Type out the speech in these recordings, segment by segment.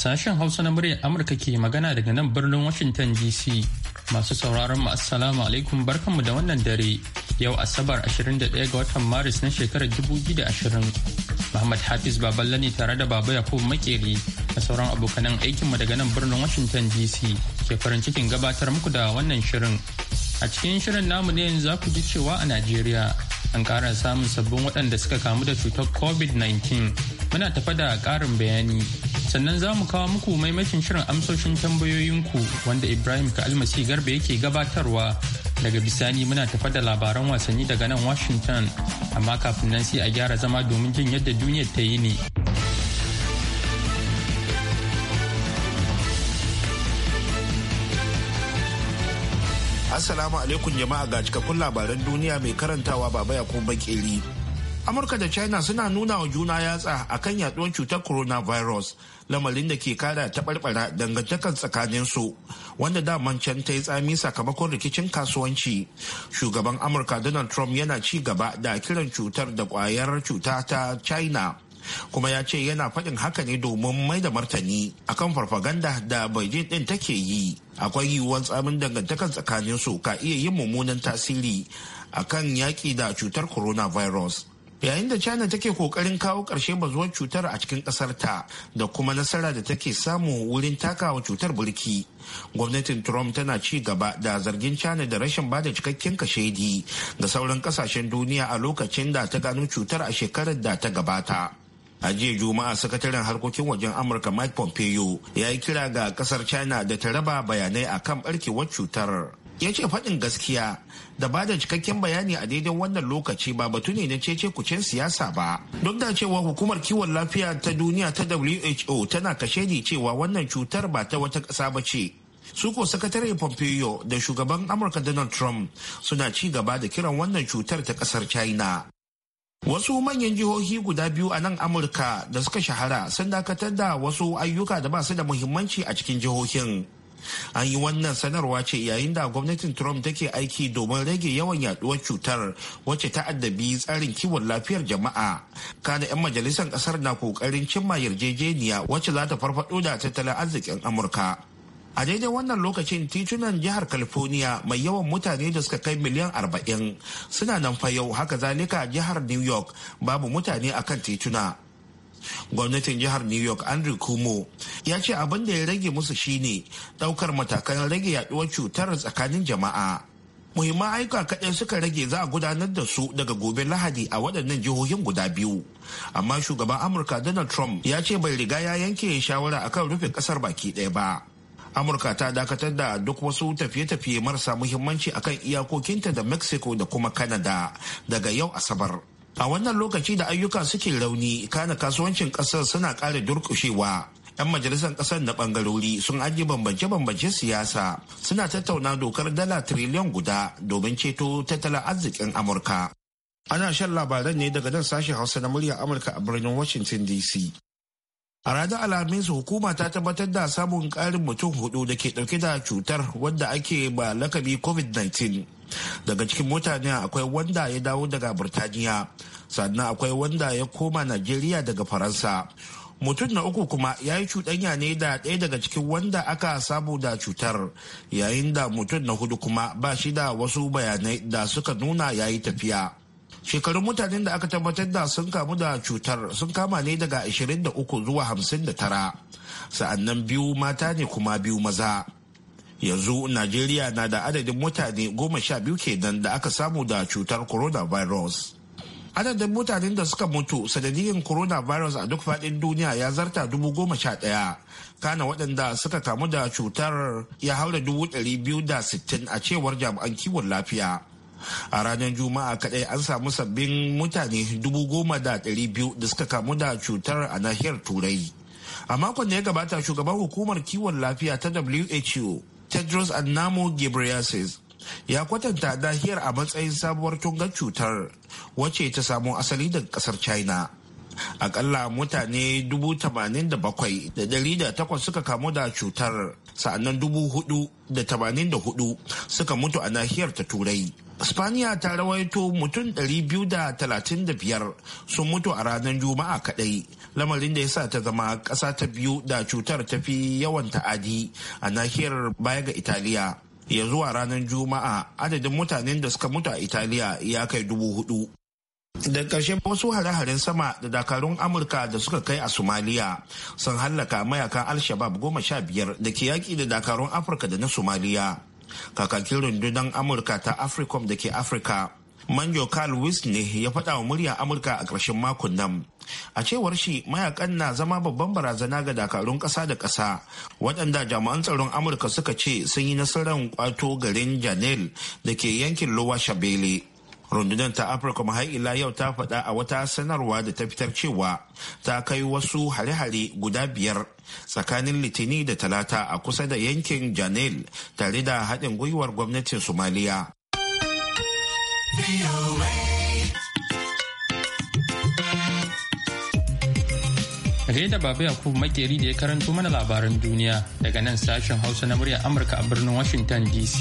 Sashen Hausa na muryar Amurka ke magana daga nan birnin Washington DC. Masu sauraron mu assalamu alaikum barkanmu da wannan dare. Yau Asabar 21 ga watan Maris na shekarar 2020. Muhammad Hafiz Baballe ne tare da Baba Yakubu Makeri da sauran abokanan aikinmu daga nan birnin Washington DC ke farin cikin gabatar muku da wannan shirin. A cikin shirin namu ne yanzu za ku ji cewa a Najeriya an ƙara samun sabbin waɗanda suka kamu da cutar COVID-19 muna tafa da ƙarin bayani sannan za mu kawo muku maimakin shirin amsoshin tambayoyinku wanda ibrahim almasi garba yake gabatarwa daga bisani muna tafa da labaran wasanni daga nan washington amma kafin nan sai a gyara zama domin jin yadda duniyar ta yi ne assalamu alaikum jama'a ga cikakkun labaran duniya mai karantawa baba ya kuma bakeli amurka da china suna nuna wa juna yatsa a kan yaduwar cutar coronavirus lamarin da ke kara taɓarɓara dangantakar tsakaninsu wanda daman can ta yi tsami sakamakon rikicin kasuwanci shugaban amurka donald trump yana ci gaba da kiran cutar da kwayar cuta ta china kuma ya ce yana faɗin haka ne domin mai da martani akan farfaganda da beijing ɗin take yi akwai yiwuwar tsamin dangantakar tsakaninsu ka iya yin mummunan tasiri akan yaƙi da cutar coronavirus yayin da china take kokarin kawo ƙarshe bazuwar cutar a cikin kasarta da kuma nasara da take samu wurin takawa cutar burki gwamnatin trump tana ci gaba da zargin china da rashin bada cikakken kashedi ga sauran kasashen duniya a lokacin da ta gano cutar a shekarar da ta gabata a jiya juma'a sakataren harkokin wajen amurka mike pompeo ya yi kira ga kasar china da ta raba bayanai akan barkewar cutar ya ce faɗin gaskiya da ba da cikakken bayani a daidai wannan lokaci ba batu ne na cece kucin siyasa ba duk da cewa hukumar kiwon lafiya ta duniya ta who tana kashe ni cewa wannan cutar ba ta wata ƙasa ba ce su ko sakatare pompeo da shugaban amurka donald trump suna ci gaba da kiran wannan cutar ta ƙasar china Wasu manyan jihohi guda biyu a nan Amurka da suka shahara sun dakatar da wasu ayyuka da ba su da muhimmanci a cikin jihohin. an yi wannan sanarwa ce yayin da gwamnatin trump take aiki domin rage yawan yaduwar cutar wacce ta addabi tsarin kiwon lafiyar jama'a kana 'yan majalisar kasar na kokarin cimma yarjejeniya wacce za ta farfado da tattalin arzikin amurka a daidai wannan lokacin titunan jihar california mai yawan mutane da suka kai miliyan arba'in suna nan fayau haka zalika jihar new york babu mutane akan tituna gwamnatin jihar new york andrew kumo ya ce abin da ya rage musu shine daukar matakan rage yaduwar cutar tsakanin jama'a muhimman aika kaɗai suka rage za a gudanar da su daga gobe lahadi a waɗannan jihohin guda biyu amma shugaban amurka donald trump ya ce bai riga ya yanke shawara akan rufe ƙasar baki ɗaya ba amurka ta dakatar da duk wasu tafiye-tafiye marasa muhimmanci akan iyakokinta da mexico da kuma canada daga yau asabar a wannan lokaci da ayyuka suke rauni kana kasuwancin kasar suna ƙara durƙushewa 'yan majalisar ƙasar na bangarori sun ajiye bambance-bambance siyasa suna tattauna dokar dala triliyan guda domin ceto tattalin arzikin amurka ana shan labaran ne daga nan sashen hausa na muryar amurka a birnin washington dc a ranar alhamis hukuma ta tabbatar da samun karin mutum hudu da ke dauke da cutar wadda ake ba lakabi covid-19 daga cikin mutane akwai wanda ya dawo daga burtaniya sannan akwai wanda ya koma najeriya daga faransa mutum na uku kuma ya yi cuɗanya ne da ɗaya daga cikin wanda aka samu da cutar yayin da mutum na hudu kuma ba shi da wasu bayanai da suka nuna ya yi tafiya shekarun mutanen da aka tabbatar da sun kamu da cutar sun kama ne daga 23 zuwa 59 sa'annan biyu mata ne kuma biyu maza yanzu najeriya na da adadin mutane goma sha biyu kenan da aka samu da cutar coronavirus adadin mutanen da suka mutu sanadiyyar coronavirus a duk faɗin duniya ya zarta dubu goma sha ɗaya kana waɗanda suka kamu da cutar ya haura dubu ɗari biyu da sittin a cewar jami'an kiwon lafiya a ranar juma'a kaɗai an samu sabbin mutane dubu goma da ɗari biyu da suka kamu da cutar a nahiyar turai a makon da ya gabata shugaban hukumar kiwon lafiya ta who tedros namo ghebreyesus ya kwatanta nahiyar a matsayin sabuwar tungar cutar wacce ta samo asali daga kasar china akalla mutane 87,800 suka kamu da cutar sa'annan 4,084 suka mutu a nahiyar ta turai Spaniya ta rawaito mutum 235 sun mutu a ranar Juma'a kadai, lamarin da ya sa ta zama ƙasa ta biyu da cutar ta fi yawan ta'adi a nahiyar baya ga Italiya. Ya zuwa ranar Juma'a adadin mutanen da suka mutu a Italiya ya kai dubu hudu. Da ƙarshe wasu hare-haren sama da dakarun Amurka da suka kai a Somaliya sun hallaka mayakan Al-Shabab goma sha biyar da ke yaƙi da dakarun Afirka da na Somaliya. kakakin rundunar amurka ta africom da ke afirka manjo carl ne ya faɗa wa murya amurka a ƙarshen makon nan a cewar shi mayakan na zama babban barazana ga dakarun ƙasa da ƙasa waɗanda jami'an tsaron amurka suka ce sun yi nasarar kwato garin janel da ke yankin lowa shabele rundunar ta afirka ila yau ta faɗa a wata sanarwa da ta fitar cewa ta kai wasu hare-hare guda biyar tsakanin litini da talata a kusa da yankin janel tare da haɗin gwiwar gwamnatin somaliya da baba yakubu makeri da ya karanto mana labaran duniya daga nan sashen hausa na muryar amurka a birnin washington dc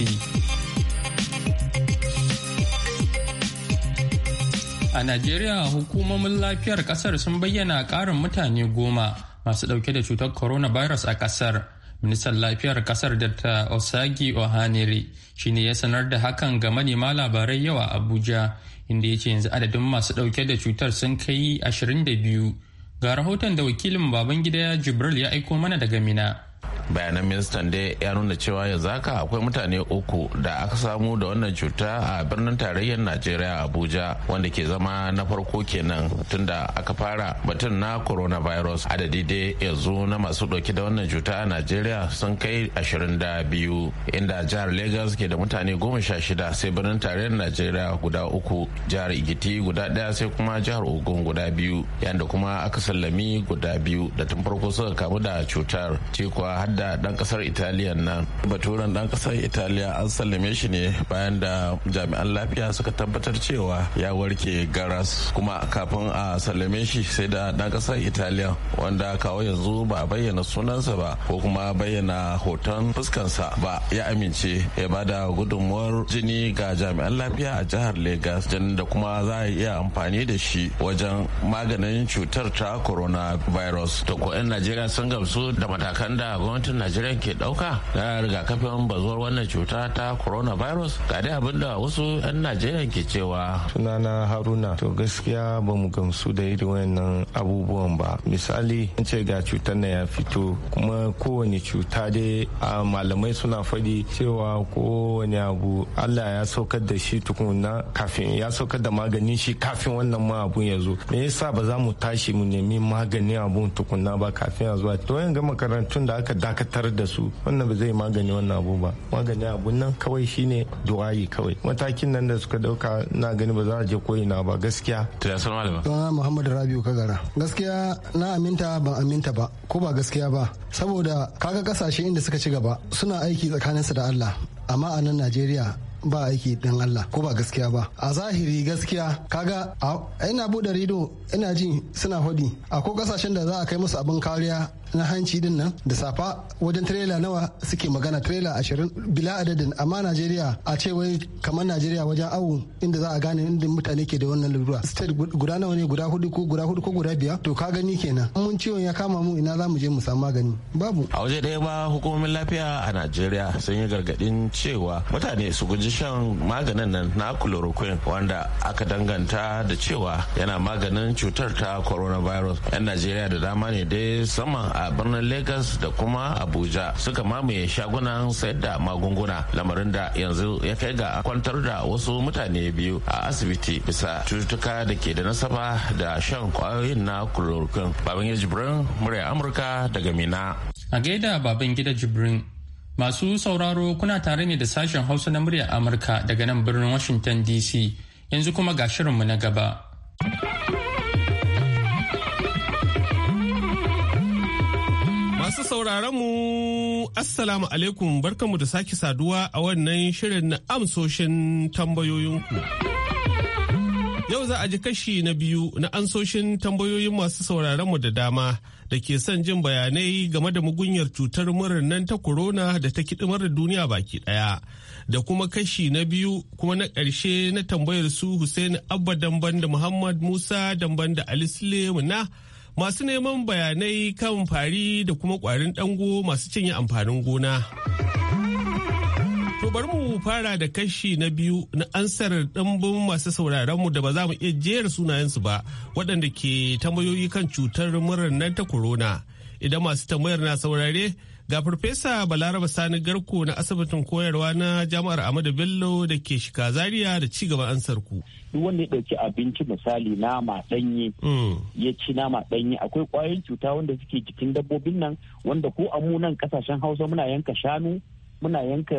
A Najeriya hukumomin lafiyar kasar sun bayyana ƙarin mutane goma masu ɗauke da cutar coronavirus a kasar. Ministan lafiyar kasar ta Osagi Ohanere shi ne ya sanar da hakan ga manema labarai yawa Abuja inda ya ce yanzu adadin masu ɗauke da cutar sun kai 22. Ga rahoton da wakilin Babangida Jibril ya aiko mana daga Mina. bayanan ministan da ya nuna cewa yanzu haka akwai mutane uku da aka samu da wannan cuta a birnin tarayyar najeriya abuja wanda ke zama na farko kenan tunda aka fara batun na coronavirus adadi dai yanzu na masu dauke da wannan cuta a najeriya sun kai ashirin da biyu inda jihar lagos ke da mutane goma sha shida sai birnin tarayyar najeriya guda uku jihar igiti guda daya sai kuma jihar ogun guda biyu yanda kuma aka sallami guda biyu da tun farko suka kamu da cutar ce da dan kasar italiya nan baturen dan kasar italiya an sallame shi ne bayan da jami'an lafiya suka tabbatar cewa ya warke garas kuma kafin a sallame shi sai da dan kasar italiya wanda kawo yanzu ba a bayyana sunansa ba ko kuma bayyana hoton fuskansa ba ya amince ya bada gudunmuwar jini ga jami'an lafiya a jihar lagos jinin da kuma za a iya amfani da shi wajen maganin cutar ta coronavirus to ko 'yan najeriya sun gamsu da matakan da gwamnati gwamnatin najeriya ke dauka na rigakafin bazuwar wannan cuta ta coronavirus ga dai abin da wasu 'yan najeriya ke cewa sunana haruna to gaskiya ba mu gamsu da irin wannan abubuwan ba misali an ce ga cutar na ya fito kuma kowane cuta dai a malamai suna faɗi cewa kowane abu allah ya saukar da shi tukuna kafin ya saukar da maganin shi kafin wannan ma abun ya zo me yasa ba za mu tashi mu nemi maganin abun tukuna ba kafin ya zuwa to yin makarantun da aka daka. dakatar da su wannan ba zai magani wannan abu ba magani abun nan kawai shine du'ayi kawai matakin nan da suka dauka na gani ba za a je koyina ba gaskiya tilasar malama sunana muhammad rabiu kagara gaskiya na aminta ban aminta ba ko ba gaskiya ba saboda kaga kasashe inda suka ci gaba suna aiki tsakaninsu da allah amma a nan najeriya ba aiki dan Allah ko ba gaskiya ba a zahiri gaskiya kaga ina bude rido ina jin suna hodi akwai kasashen da za a kai musu abin kariya na hanci din nan da safa wajen trela nawa suke magana trela ashirin bila adadin amma najeriya a ce wai kamar najeriya wajen awu inda za a gane inda mutane ke da wannan lura state guda nawa ne guda hudu ko guda hudu ko guda biyar to ka gani kenan mun ciwon ya kama mu ina za mu je mu samu magani babu a waje daya ba hukumomin lafiya a najeriya sun yi gargaɗin cewa mutane su guji shan maganin nan na chloroquine wanda aka danganta da cewa yana maganin cutar ta coronavirus yan najeriya da dama ne dai saman a birnin Lagos da kuma Abuja suka mamaye shagunan sayar da magunguna lamarin da yanzu ya kai ga kwantar da wasu mutane biyu a asibiti bisa cututtuka da ke da nasaba da shan kwayoyin na chloroquine. Babangida Jibrin murya Amurka daga Mina. A gaida gida Jibrin Masu sauraro kuna tare ne da sashen Hausa na murya Amurka daga nan birnin Washington DC yanzu kuma ga shirinmu na gaba. sauraron mu Assalamu alaikum barkanmu da sake saduwa a wannan shirin na amsoshin tambayoyinku. Yau za a ji kashi na biyu na amsoshin tambayoyin masu mu da dama da ke son jin bayanai game da mugunyar cutar murar nan ta corona da ta kidimar da duniya baki daya. Da kuma kashi na biyu kuma na ƙarshe na tambayar su Hussein Abba Damban da Muhammad Musa Damban da Ali Sulemuna. masu neman bayanai kan fari da kuma kwarin dango masu cinye amfanin gona. To bari mu fara da kashi na biyu na ansar ɗimbin masu sauraronmu da ba za mu iya jiyar sunayensu ba waɗanda ke tambayoyi kan cutar murar nan ta corona. Idan masu tambayar na saurare Ga Farfesa Balaraba Sani Garko na asibitin koyarwa na Jami'ar Ahmadu Bello da ke shika Zaria da ci gaban an sarku. Duk wanda ya ɗauki abinci misali nama ɗanye mm. ya ci nama ɗanye akwai ƙwayoyin cuta wanda suke jikin dabbobin nan wanda ko a amunan ƙasashen Hausa muna yanka shanu muna yanka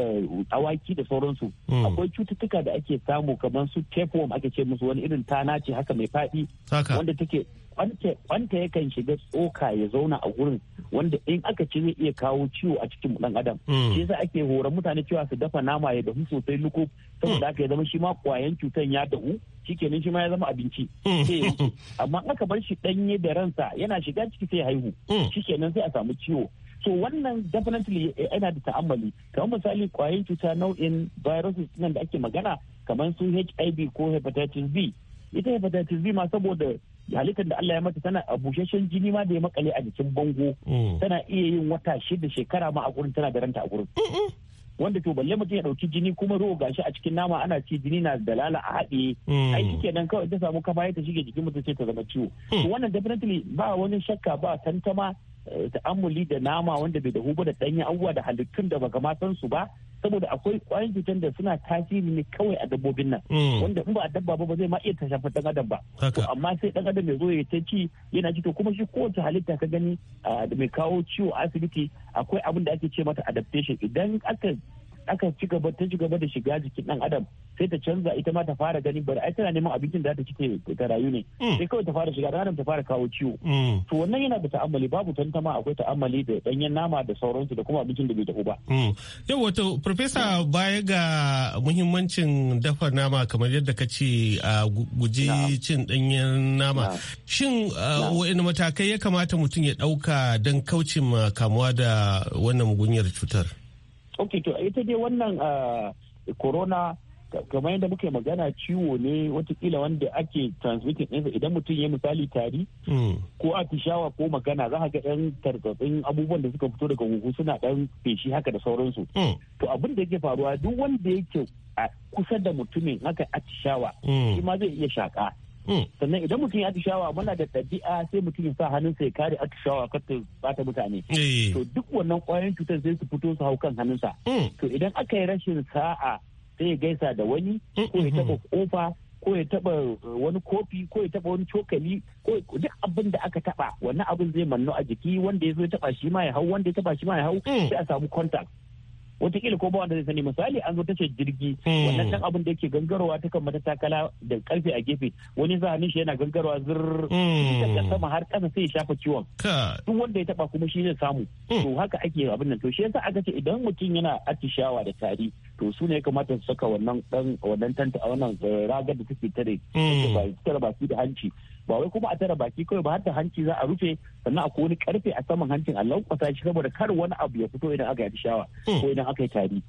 awaki da sauransu hmm. akwai cututtuka da ake samu kamar su tapeworm ake ce musu wani irin tana ce haka mai faɗi wanda take kwanta yakan shiga tsoka ya zauna a gurin wanda in aka ci zai iya kawo ciwo a cikin dan adam hmm. shi yasa ake horon mutane cewa su dafa nama ya dahu sosai luko saboda hmm. haka ya zama shi ma kwayan cutan ya dahu shikenan shi ma ya zama abinci amma aka bar shi danye da ransa yana shiga ciki sai haihu shikenan sai a samu ciwo so wannan definitely eh, yana da ta'ammali kamar misali kwayoyin cuta nau'in viruses nan da ake magana kamar su hiv ko hepatitis b ita hepatitis b ma saboda halittar da Allah ya mata tana a busheshen jini ma da ya makale a jikin bango mm. tana iya yin wata shida shekara ma a gurin tana da ranta a gurin wanda to balle mutum ya dauki jini kuma ruwa gashi a cikin nama ana ci jini na dalala a haɗe mm. ai shi kenan kawai ta samu kafa ya ta shige jikin mutum sai ta zama ciwo mm. wannan definitely ba wani shakka ba tantama ta'amuli da nama wanda bai dahu ba da ɗanyen abubuwa da halittun da baka ma san su ba saboda akwai kwayan cutar da suna tasiri ne kawai a dabbobin nan mm. wanda in ba a dabba ba ba zai ma iya ta shafi dan adam ba to amma sai dan adam ya zo ya ci yana ci to kuma shi kowace halitta ka gani ah, da mai kawo ciwo asibiti akwai abin da ake ce mata adaptation idan aka aka ci gaba ta ci gaba da shiga jikin dan adam sai ta canza ita ma ta fara gani bari ai tana neman abincin da ta cike ta rayu ne mm. sai kawai ta fara shiga dan adam ta fara kawo ciwo mm. to wannan yana da ta'ammali babu tantama akwai ta'ammali da danyen nama da sauransu da kuma abincin da bai tafi ba mm. yau wato professor baya ga muhimmancin dafa nama kamar yadda ka ce a guji cin danyen nama shin wa'in matakai ya kamata mutum ya ɗauka don kauce ma kamuwa da wannan mugunyar cutar ok to ita dai wannan ah, corona kamar yadda muka magana ciwo ne watakila wanda ake transmitting ɗinsa idan mutum ya misali tari hmm. ko atishawa ko magana za ga ɗan tarkatsin abubuwan da suka fito daga huhu suna ɗan feshi haka da sauransu hmm. to abin da yake faruwa duk wanda yake a kusa da mutumin haka atishawa hmm. shi ma zai iya shaƙa. Hmm. sannan idan mutum ya atishawa muna da ɗabi'a sai mutum ya sa hannunsa ya kare atishawa kar ta bata mutane eh. to duk wannan kwayoyin cutar sai su fito su hau kan hannunsa hmm. to idan aka yi rashin sa'a sai ya gaisa da wani hmm, ko ya taɓa kofa ko ya taba wani kofi ko ya taba wani cokali ko duk abin da aka taba wannan abin zai manno a jiki wanda ya zo ya taba shi ma ya hau wanda ya taba shi ma ya hau sai a samu contact wataƙila ko ba wanda zai sani misali an zo tashar jirgi hmm. wannan dan abin da yake gangarowa ta kan mata takala da karfe a gefe wani za shi yana gangarowa zur hmm. daga sama har kasa sai ya shafa ciwon duk wanda ya taba kuma shi zai samu hmm. to haka ake abin nan to shi yasa aka ce idan mutum yana atishawa da tari to su ne ya kamata su saka wannan dan wannan tanta a wannan eh, ragar da take tare da su da hanci ba wai kuma a tara baki kawai ba har da hanci za a rufe sannan akwai wani karfe a saman hancin a lankwasa shi saboda kar wani abu ya fito idan aka yi shawa hmm. ko idan aka yi tari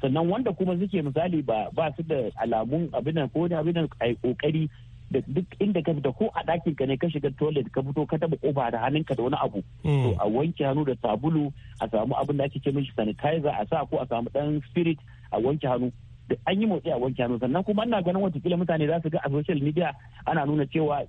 sannan wanda kuma suke misali ba ba su da alamun abin da ko wani abin a kokari da duk inda ka fita ko a ɗakin ka ne ka shiga toilet ka fito ka taba kofa da hannunka da wani abu hmm. to a wanke hannu da sabulu a samu abin da ake ce mishi sanitizer a sa ko a samu dan spirit a wanke hannu da an yi motsi a wanke hannu sannan kuma ana ganin watakila mutane za su ga a social media ana nuna cewa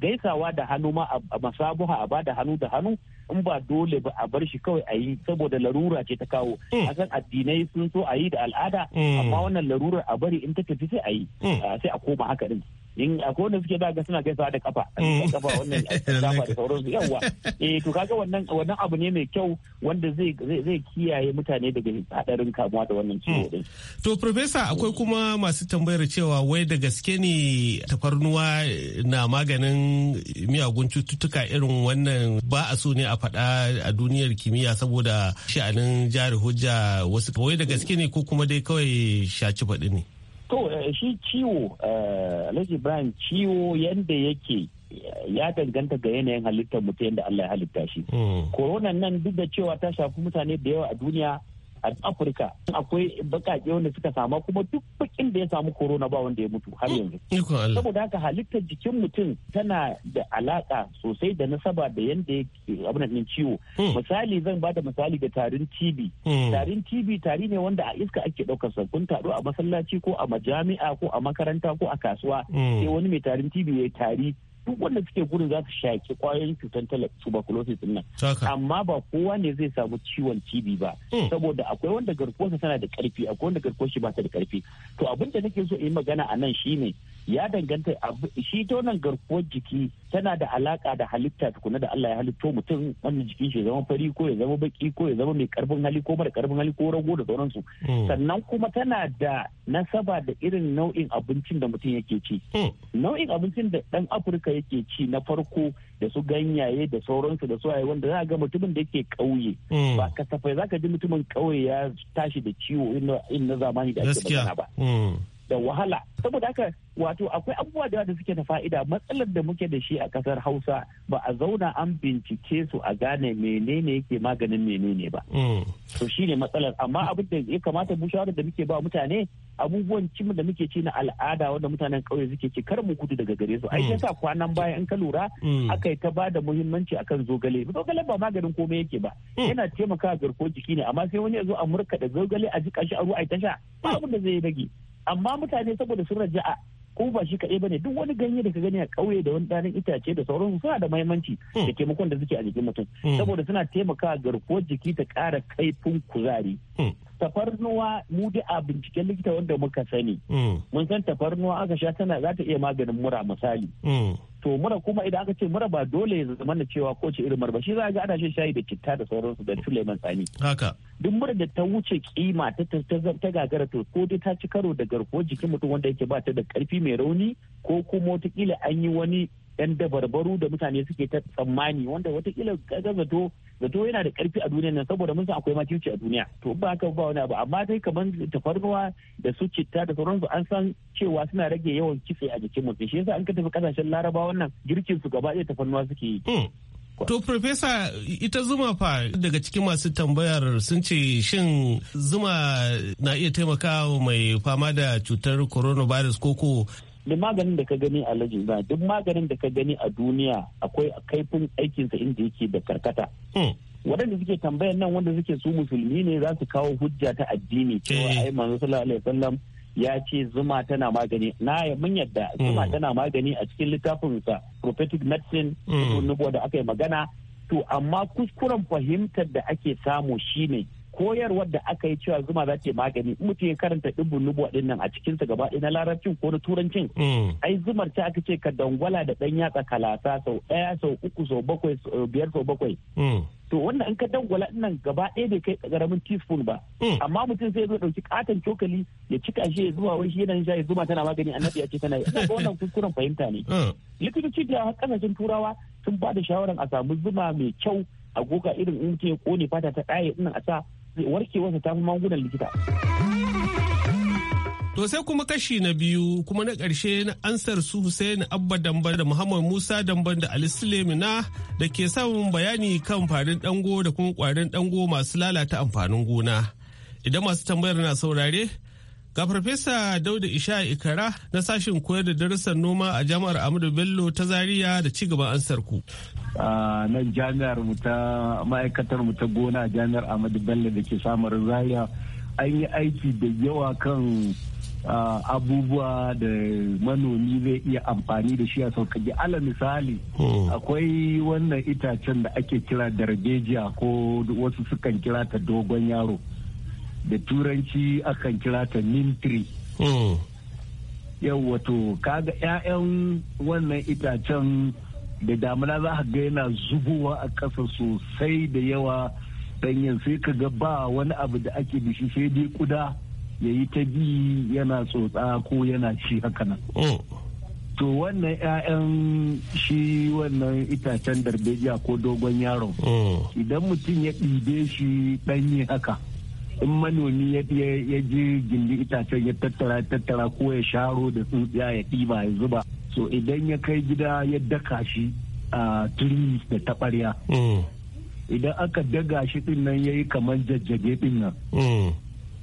gaisawa da hannu ma a masabuha a bada hannu da hannu in ba dole ba a bar shi kawai a yi saboda larura ce ta kawo mm. akan addinai sun so a yi da al'ada mm. amma wannan larurar a bari in ta tafi sai a yi mm. ah, sai a koma haka din in akwai wanda suke daga suna kai sa da kafa mm. kafa wannan kafa da sauransu yawa eh, to kaga wannan abu ne mai kyau wanda zai kiyaye mutane daga hadarin kamuwa da wannan ciwo mm. din to professor akwai kuma masu tambayar cewa wai da gaske ne tafarnuwa na maganin miyagun cututtuka irin wannan ba a so ne a faɗa a duniyar kimiyya saboda sha'anin jari hujja wasu wai da gaske ne ko kuma dai kawai shaci faɗi ne To eh, shi ciwo, eh, Alhaji Ibrahim ciwo yadda yake ya danganta ga yanayin halittar mutum yadda Allah ya halitta shi. Korona hmm. nan duk da cewa ta shafi mutane da yawa a duniya a afirka akwai bakaƙe wanda suka samu kuma duk bakin da ya samu corona ba wanda ya mutu har yanzu hmm, saboda haka halittar jikin mutum tana da alaka sosai da nasaba da yanda abin ciwo hmm. misali zan bada misali da tarin tb hmm. tarin tb tari ne wanda a iska ake ɗaukar sa kun taro a masallaci ko a majami'a ko a makaranta ko a kasuwa sai wani mai tarin tb ya yi tari duk wanda suke gurin za su shaki kwayoyin cutar tuberculosis din nan amma ba kowa ne zai samu ciwon cibi ba hmm. saboda akwai wanda garkuwarsa tana da karfi akwai wanda garkuwar ba ta da karfi to abin da nake so in yi magana a nan shine ya danganta shi ta wannan garkuwar jiki tana da alaka da halitta tukuna da Allah ya halitto mutum wannan jikin shi zama fari ko ya zama baki ko ya zama mai karfin hali ko mara karfin hali ko rago da sauransu hmm. sannan kuma tana da nasaba da irin nau'in abincin da mutum yake ci hmm. nau'in abincin da dan Afirka yake ci na farko da su ganyaye da sauransu da su wanda za ga mutumin da yake kauye hmm. ba kasafai zaka ji mutumin kauye ya tashi da ciwo in na zamani da ake magana ba da wahala saboda haka wato akwai abubuwa da da suke da fa'ida matsalar da muke da shi a kasar hausa ba a zauna an bincike su a gane menene yake maganin menene ba mm. to shine matsalar amma abin da ya kamata mu da muke ba mutane abubuwan cin da muke ci na al'ada wanda mutanen ƙauye suke ci kar mu gudu daga gare su ai mm. yasa kwanan baya in ka lura mm. aka yi ta ba da muhimmanci akan zogale zogale ba maganin komai yake ba yana taimaka garkuwar jiki ne amma sai wani ya zo a murka da zogale a jika shi a ruwa ai tasha ba abin da zai rage amma mutane saboda sun a ko ba shi kaɗai bane duk wani ganye da ka gani a ƙauye da wani ɗanin itace da sauransu suna da mahimmanci hmm. da taimakon da suke a jikin mutum hmm. saboda suna taimakawa garkuwar jiki ta ƙara kaifin kuzari hmm. tafarnuwa mu da a binciken likita wanda muka sani mun san tafarnuwa aka sha tana za ta iya maganin mura misali to mura kuma idan aka ce mura ba dole ya zama cewa ko ce irin marba shi za a ga ana shan shayi da citta da sauransu da suleiman sani haka duk mura da ta wuce kima ta ta gagara to ko dai ta ci karo da garkuwar jikin mutum wanda yake ba ta da karfi mai rauni ko kuma watakila an yi wani yan dabarbaru da mutane suke ta tsammani wanda watakila kaga zato zato yana da karfi a duniya nan saboda mun san akwai makirci a duniya to ba haka ba wani abu amma dai kamar tafarnuwa da su citta da sauransu an san cewa suna rage yawan kitse a jikin mutum shi yasa an ka tafi kasashen larabawa wannan girkin su gaba ɗaya tafarnuwa suke yi hmm. To, Profesa, ita zuma fa daga cikin masu tambayar sun ce shin zuma na iya taimakawa mai fama da cutar coronavirus koko? Duk maganin da ka gani a lajina, duk maganin da ka gani a duniya akwai kaifin aikinsa inda yake da karkata. Hmm. waɗanda suke tambayar nan wanda suke su musulmi ne za su kawo hujja ta addini cewa eh. ai manzo sallallahu alaihi wasallam ya ce zuma tana magani na ya mun yadda zuma mm. tana magani a cikin littafinsa prophetic medicine mm. nubo da aka yi magana to amma kuskuren fahimtar da ake samu shine koyarwar da aka yi cewa zuma za ta magani in mutum ya karanta ɗibbin nubuwa a nan a cikinsa gaba ɗaya na larabcin ko na turancin mm. ai zumar ta aka ce ka dangwala da ɗan yatsa kalasa sau ɗaya sau uku sau bakwai sau biyar sau bakwai mm. to wannan in ka dangwala nan gaba ɗaya bai kai ƙaramin teaspoon ba mm. amma mutum sai zo ɗauki katon cokali ya cika shi ya zuwa wai shi yana yin zuma tana magani annabi ya ce tana yi wannan kuskuren fahimta ne likitoci da kasashen turawa sun ba da shawaran a samu zuma mai kyau a goga irin in mutum ya kone fata ta ɗaya ɗin a sa warkewarsa ta fi magunan likita. To sai kuma kashi na biyu kuma na ƙarshe na ansar su Hussein Abba Damba da Muhammad Musa Damba da Ali Sulemina da ke samun bayani kan farin dango da kuma ƙwarin dango masu lalata amfanin gona. Idan masu tambayar na saurare, Ga Farfesa Dauda Isha Ikara na sashen koyar da darussan noma a jami'ar Amadu Bello ta zariya da cigaban ansar ku. a nan jami'ar mu ta ma'aikatar mu ta gona jami'ar Amadu Bello da ke samar zariya an yi aiki da yawa kan abubuwa da manomi zai iya amfani da shi a sauƙaƙe ala misali hmm. akwai wannan itacen da ake kira darajejiya ko wasu sukan kira ta dogon yaro. da turanci akan kira ta nintri hmm. yau wato kaga 'ya'yan wannan itacen da damuna za ga yana zubowa a ƙasa sosai da yawa ɗanyen sai ka ga ba wani abu da ake bishi sai dai kuda ya yi ta bi yana tsotsa ko yana ci haka nan. Hmm. To wannan 'ya'yan shi wannan itacen darbejiya ko dogon yaron. Hmm. Idan mutum ya ɗibe shi ɗanye haka. in manomi ya je gindi itacen ya tattara tattara ko ya sharo da tsuntsiya ya ɗiba ya zuba so idan ya kai gida ya daka shi a turi da taɓarya mm. idan aka daga shi ɗin nan ya yi kamar jajjage ɗin nan mm.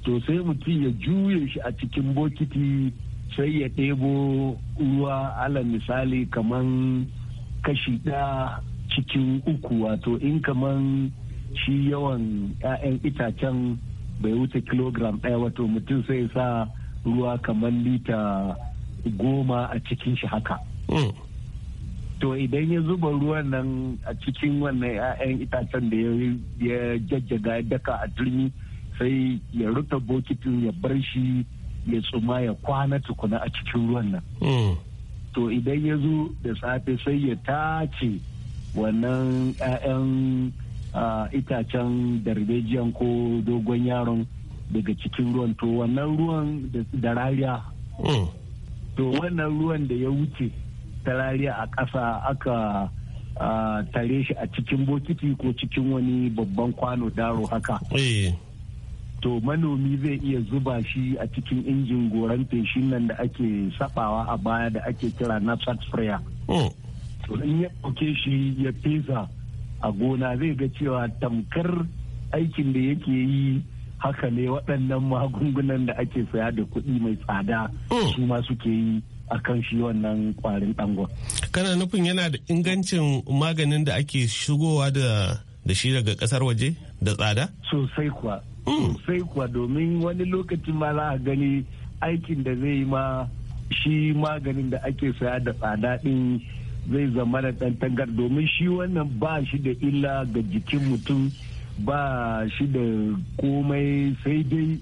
to sai mutum ya juye shi a cikin bokiti sai ya ɗebo ruwa ala misali kamar kashi ɗaya cikin uku wato in kamar shi yawan 'ya'yan itacen bai wuce kilogram ɗaya wato mutum sai sa ruwa kamar lita goma a cikin shi haka hmm. to idan ya zuba ruwan nan a cikin wannan 'ya'yan itacen da ya jajjaga daka a turmi sai ya rufe bokitin ya bar shi ya tsuma ya kwana tukuna a cikin ruwan nan hmm. to idan ya zo da safe sai ya tace wannan 'ya'yan itacen darbejiyan ko dogon yaron daga cikin ruwan to wannan ruwan da rariya hmm. to wannan ruwan da ya wuce ta rariya a ƙasa aka tare shi a cikin bokiti ko cikin wani babban kwano daro haka eh. to manomi zai iya zuba shi a cikin injin goran feshin nan da ake sabawa a baya da ake kira na sprayer hmm. to in ya ɗauke shi ya fesa a gona zai ga cewa tamkar aikin da yake yi haka ne waɗannan magungunan da ake saya da kuɗi mai tsada hmm. su ma suke yi a kan shi wannan ƙwarin ɗangon. kana nufin yana da ingancin maganin da ake shigowa da da shi daga ƙasar waje da tsada? sosai kuwa hmm. sosai kuwa domin wani lokacin ma za a gani aikin da zai yi ma shi maganin da ake saya da tsada ɗin zai zama da tantangar domin shi wannan ba shi da illa ga jikin mutum ba shi da komai sai dai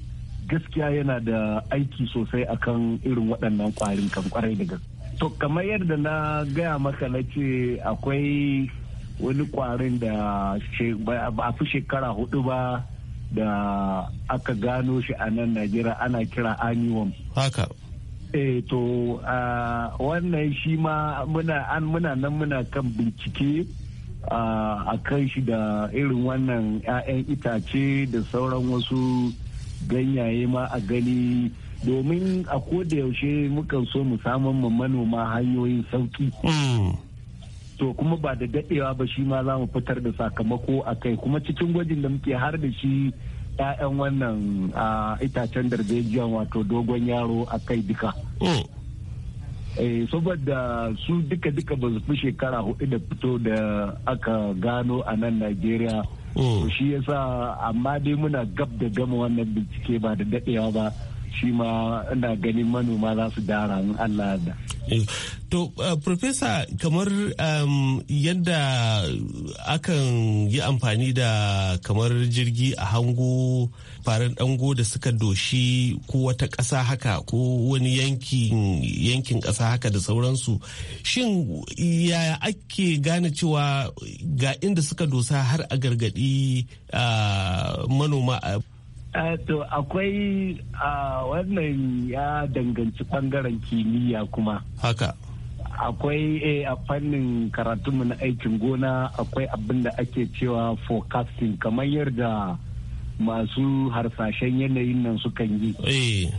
gaskiya yana da aiki sosai akan irin waɗannan kwarin kan kwarai daga To kamar yadda na gaya maka na ce akwai wani kwarin da ba fi shekara hudu ba da aka gano shi a nan Najeriya ana kira aniwam. Haka. eh to wannan shi ma muna an muna nan muna kan bincike a kan shi da irin wannan 'ya'yan itace da sauran wasu ganyaye ma a gani domin a koda yaushe mukan so mu samun mu manoma hanyoyin sauki mm. to kuma ba da daɗewa ba shi ma za mu fitar da sakamako a kai kuma cikin gwajin da muke har da shi 'ya'yan wannan itacen darbejiyan wato dogon yaro a kai duka. Mm. Eh, saboda su duka-duka ba su fi shekara hudu da fito da aka gano a nan Najeriya. Mm. shi yasa amma dai muna gab da gama wannan bincike ba da dadewa ba shi ma ina ganin manoma za su dara in Allah da. Eh, to, uh, Profesa, kamar um, yadda akan yi amfani da kamar jirgi a hango farin dango da suka doshi ko wata ƙasa haka ko wani yankin ƙasa haka da sauransu. Shin yaya ake gane cewa ga inda suka dosa har a gargaɗi uh, manoma uh, Eh, to akwai a wannan ya danganci bangaren kimiyya kuma haka akwai eh, a fannin karatunmu na aikin gona akwai abin da ake cewa forecasting kamar yadda masu harsashen yanayin nan sukan yi eh.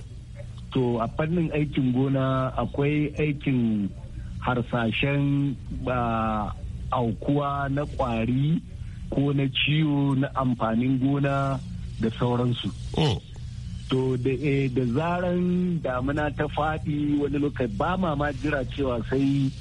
to a fannin aikin gona akwai aikin harsashen ba aukuwa na kwari ko na ciwo na amfanin gona da sauransu mm. to da eh, zaran damina ta faɗi wani lokaci ba ma ma jira cewa sai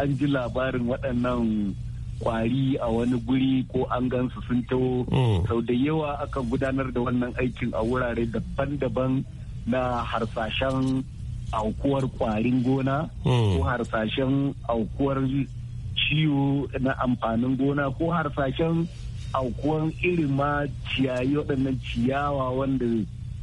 an ji labarin waɗannan kwari a wani guri ko an gansu sun taho mm. sau da yawa akan gudanar da wannan aikin a wurare daban-daban na harsashen aukuwar kwarin gona mm. ko harsashen aukuwar ciwo na amfanin gona ko harsashen aukuwan irin ma ciyayi waɗannan ciyawa wanda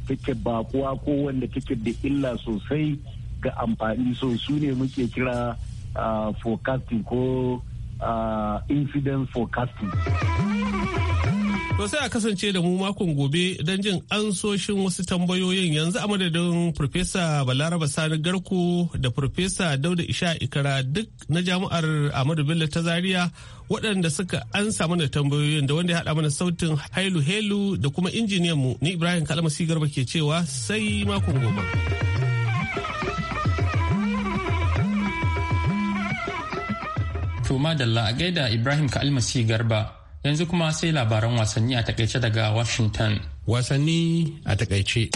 take bakuwa ko wanda take da illa sosai ga amfani so su ne muke kira ah, forecasting ko ah, incident forecasting. To sai a kasance da mu makon gobe don jin ansoshin wasu tambayoyin yanzu a madadin Farfesa Balaraba Sani Garko da Farfesa Dauda Isha Ikara duk na jami'ar Ahmadu Bello ta Zaria waɗanda suka ansa mana tambayoyin da wanda ya haɗa mana sautin Hailu Helu da kuma injiniyan mu ni Ibrahim Kalama Garba ke cewa sai makon gobe. Tuma madalla a gaida Ibrahim Kalmasi Garba Yanzu kuma sai labaran wasanni a takaice daga Washington. Wasanni a takaice.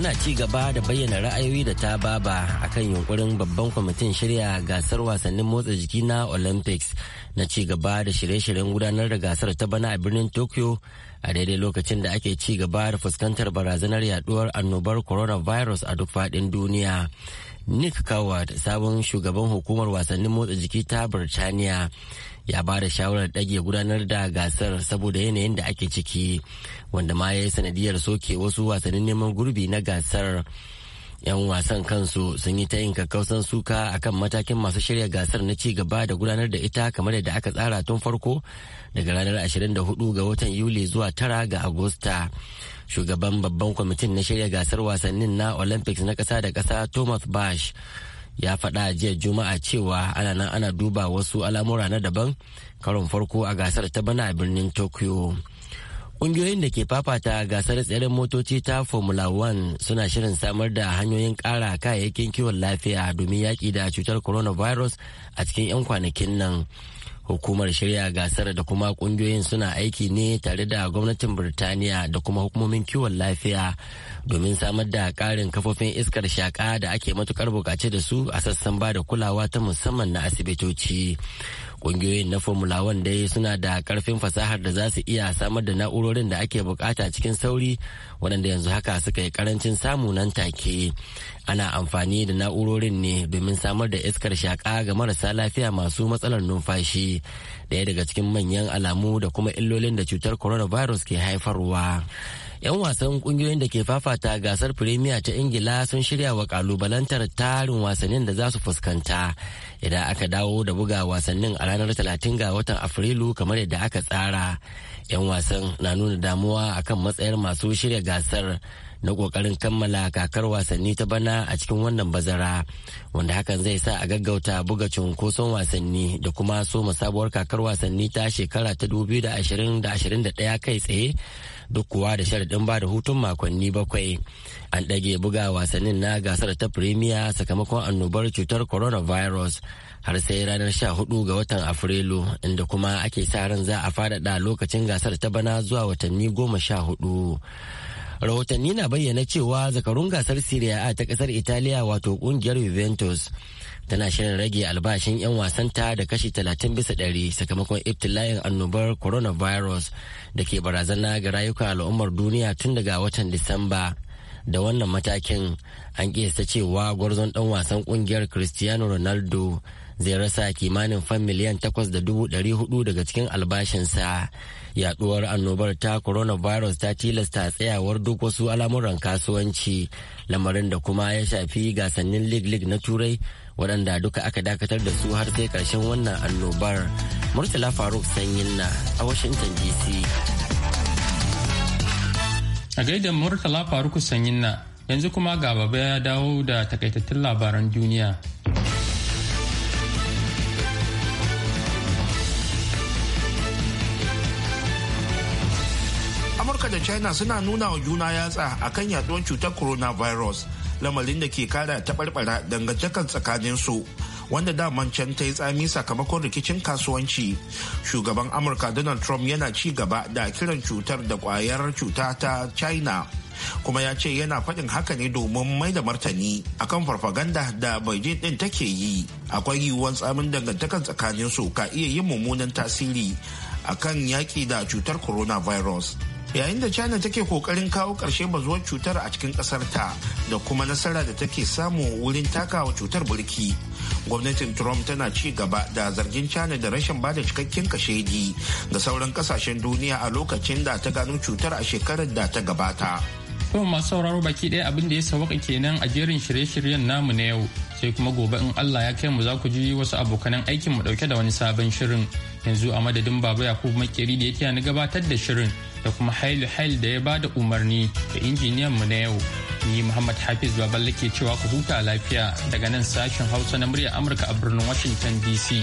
ana ci gaba da bayyana ra'ayoyi da ta baba akan yunkurin babban kwamitin shirya gasar wasannin motsa jiki na olympics na ci gaba da shirye-shiryen gudanar da gasar ta bana a birnin tokyo a daidai lokacin da ake ci gaba da fuskantar barazanar yaduwar annobar coronavirus a duk faɗin duniya. nick coward sabon shugaban hukumar wasannin motsa jiki ta birtaniya ya ba da shawarar ɗage gudanar da gasar saboda yanayin da ake ciki wanda ma ya yi sanadiyar soke wasu wasannin neman gurbi na gasar 'yan wasan kansu sun yi ta yin kakkausan suka akan matakin masu shirya gasar na ci gaba da gudanar da ita kamar yadda aka tsara tun farko daga ranar 24 ga watan yuli zuwa 9 ga agusta shugaban babban kwamitin na shirya gasar wasannin na olympics na kasa da kasa thomas bash ya faɗa jiya juma'a cewa ana nan ana duba wasu al'amura na daban karon farko a gasar ta bana a birnin tokyo Ƙungiyoyin da ke fafata gasar tseren motoci ta Formula 1 suna shirin samar da hanyoyin ƙara kayayyakin kiwon lafiya domin yaƙi da cutar coronavirus a cikin 'yan kwanakin nan. Hukumar shirya gasar da kuma ƙungiyoyin suna aiki ne tare da gwamnatin Birtaniya da kuma hukumomin kiwon lafiya domin samar da ƙarin kafofin iskar shaka da ake matukar bukace da su a sassan ba da kulawa ta musamman na asibitoci ƙungiyoyin na formula 1 dai suna da ƙarfin fasahar da za su iya samar da na'urorin da ake bukata cikin sauri waɗanda yanzu haka suka yi karancin samu nan take ana amfani da na'urorin ne domin samar da iskar shaka ga marasa lafiya masu matsalar numfashi ɗaya daga cikin manyan alamu da kuma illolin da cutar coronavirus ke haifarwa 'yan wasan kungiyoyin da ke fafata gasar firimiya ta ingila sun shirya wa kalubalantar tarin wasannin da za su fuskanta idan aka dawo da buga wasannin a ranar 30 ga watan afrilu kamar yadda aka tsara 'yan wasan na nuna damuwa akan matsayar masu shirya gasar na kokarin kammala kakar wasanni ta bana a cikin wannan bazara wanda hakan zai sa a gaggauta buga cunkoson wasanni da kuma soma sabuwar kakar wasanni ta shekara ta 2021 kai tsaye duk kuwa da sharaɗin ba da hutun makonni bakwai an ɗage buga wasannin na gasar ta firimiya sakamakon annobar cutar coronavirus har sai ranar 14 ga watan afrilu inda kuma ake sa ran za a faɗaɗa lokacin gasar ta bana zuwa watanni goma sha hudu rahotanni na bayyana cewa zakarun gasar Serie A ta kasar Italiya wato kungiyar Juventus tana shirin rage albashin 'yan wasanta da kashi 30 bisa ɗari sakamakon iftilayin annobar coronavirus da ke barazana ga rayuka al'ummar duniya tun daga watan Disamba. Da wannan matakin an kesa cewa gwarzon dan wasan ƙungiyar Cristiano Ronaldo zai rasa kimanin fan miliyan hudu daga cikin albashinsa. yaduwar annobar ta coronavirus ta tilasta tsayawar duk wasu al'amuran kasuwanci lamarin da kuma ya shafi gasannin league league na turai waɗanda duka aka dakatar da su har sai ƙarshen wannan annobar murtala faruk sanyin na a washington dc a gaida murtala faruk sanyin na yanzu kuma ga baba ya dawo da takaitattun labaran duniya china suna nuna wa juna yatsa akan yaduwar cutar coronavirus lamarin da ke kara taɓarɓara tsakanin tsakaninsu wanda daman can ta yi tsami sakamakon rikicin kasuwanci shugaban amurka donald trump yana ci gaba da kiran cutar da kwayar cuta ta china kuma ya ce yana faɗin haka ne domin mai da martani akan farfaganda da beijing ɗin take yi akwai yiwuwar tsamin tsakanin tsakaninsu ka iya yin mummunan tasiri akan yaƙi da cutar coronavirus yayin da china take kokarin kawo ƙarshe bazuwar cutar a cikin ƙasar ta da kuma nasara da take samu wurin takawa cutar burki gwamnatin trump tana ci gaba da zargin china da rashin bada cikakken kashedi ga sauran kasashen duniya a lokacin da ta gano cutar a shekarar da ta gabata kuma masu sauraro baki ɗaya abin da ya sauka kenan a jerin shirye-shiryen namu na yau sai kuma gobe in Allah ya kai mu za ku ji wasu abokanan aikin mu dauke da wani sabon shirin yanzu a madadin baba yakubu makeri da ya ni gabatar da shirin da kuma hailu hail da ya ba da umarni da injiniyan mu na yau ni muhammad hafiz baballe ke cewa ku huta lafiya daga nan sashen hausa na murya amurka a birnin washington dc